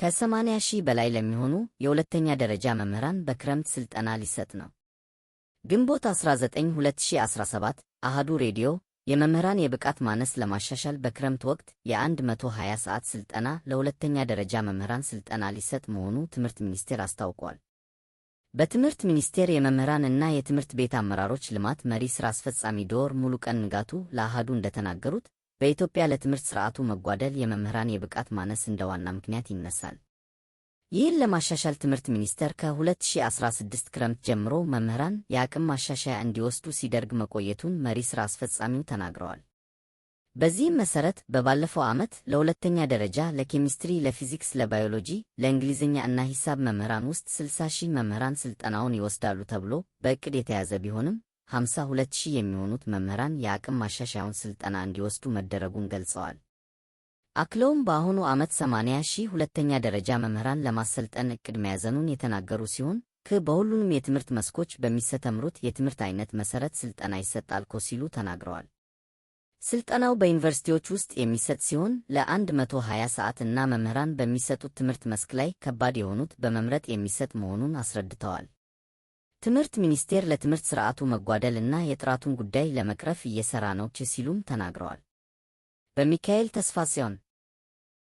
ከ80 ሺህ በላይ ለሚሆኑ የሁለተኛ ደረጃ መምህራን በክረምት ስልጠና ሊሰጥ ነው። ግንቦት 19 2017 አሃዱ ሬዲዮ የመምህራን የብቃት ማነስ ለማሻሻል በክረምት ወቅት የ120 ሰዓት ስልጠና ለሁለተኛ ደረጃ መምህራን ስልጠና ሊሰጥ መሆኑ ትምህርት ሚኒስቴር አስታውቋል። በትምህርት ሚኒስቴር የመምህራንና የትምህርት ቤት አመራሮች ልማት መሪ ስራ አስፈጻሚ ዶር ሙሉቀን ንጋቱ ለአሃዱ እንደተናገሩት በኢትዮጵያ ለትምህርት ስርዓቱ መጓደል የመምህራን የብቃት ማነስ እንደ ዋና ምክንያት ይነሳል። ይህን ለማሻሻል ትምህርት ሚኒስቴር ከ2016 ክረምት ጀምሮ መምህራን የአቅም ማሻሻያ እንዲወስዱ ሲደርግ መቆየቱን መሪ ሥራ አስፈጻሚው ተናግረዋል። በዚህም መሰረት በባለፈው ዓመት ለሁለተኛ ደረጃ ለኬሚስትሪ፣ ለፊዚክስ፣ ለባዮሎጂ፣ ለእንግሊዝኛ እና ሂሳብ መምህራን ውስጥ 60 ሺህ መምህራን ስልጠናውን ይወስዳሉ ተብሎ በእቅድ የተያዘ ቢሆንም 52 ሺህ የሚሆኑት መምህራን የአቅም ማሻሻያውን ስልጠና እንዲወስዱ መደረጉን ገልጸዋል። አክለውም በአሁኑ ዓመት 8ያ ሺህ ሁለተኛ ደረጃ መምህራን ለማሰልጠን እቅድ መያዘኑን የተናገሩ ሲሆን ክ በሁሉንም የትምህርት መስኮች በሚሰተምሩት የትምህርት ዓይነት መሠረት ስልጠና ይሰጣል ኮ ሲሉ ተናግረዋል። ሥልጠናው በዩኒቨርሲቲዎች ውስጥ የሚሰጥ ሲሆን ለ120 ሰዓት እና መምህራን በሚሰጡት ትምህርት መስክ ላይ ከባድ የሆኑት በመምረጥ የሚሰጥ መሆኑን አስረድተዋል። ትምህርት ሚኒስቴር ለትምህርት ስርዓቱ መጓደል እና የጥራቱን ጉዳይ ለመቅረፍ እየሰራ ነው ሲሉም ተናግረዋል። በሚካኤል ተስፋ ሲሆን